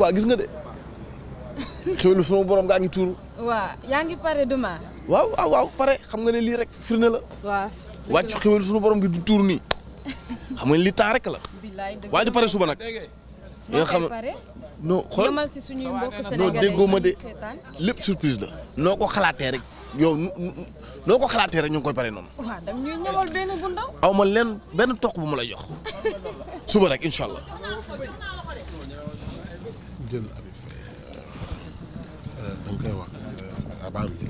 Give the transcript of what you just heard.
waa gis nga de xéwlu suma borom gaa ngi tuur waaw yaa ngi pare duma. waaw waaw waaw pare xam nga ne lii rek firnde la. waaw wàcc xéwlu sunu borom gi du tuur nii xam nga li temps rek la. waaye di pare suba nag. nga xam non xool non ma de lépp surprise la. noo ko xalaatee rek. yow noo ko xalaatee rek ñu ngi koy pare noonu. waaw da ñuy ñëwal benn bu ndaw. aw ma leen benn toq bu ma lay jox suba rek incha allah. jël Habib Faye euh, da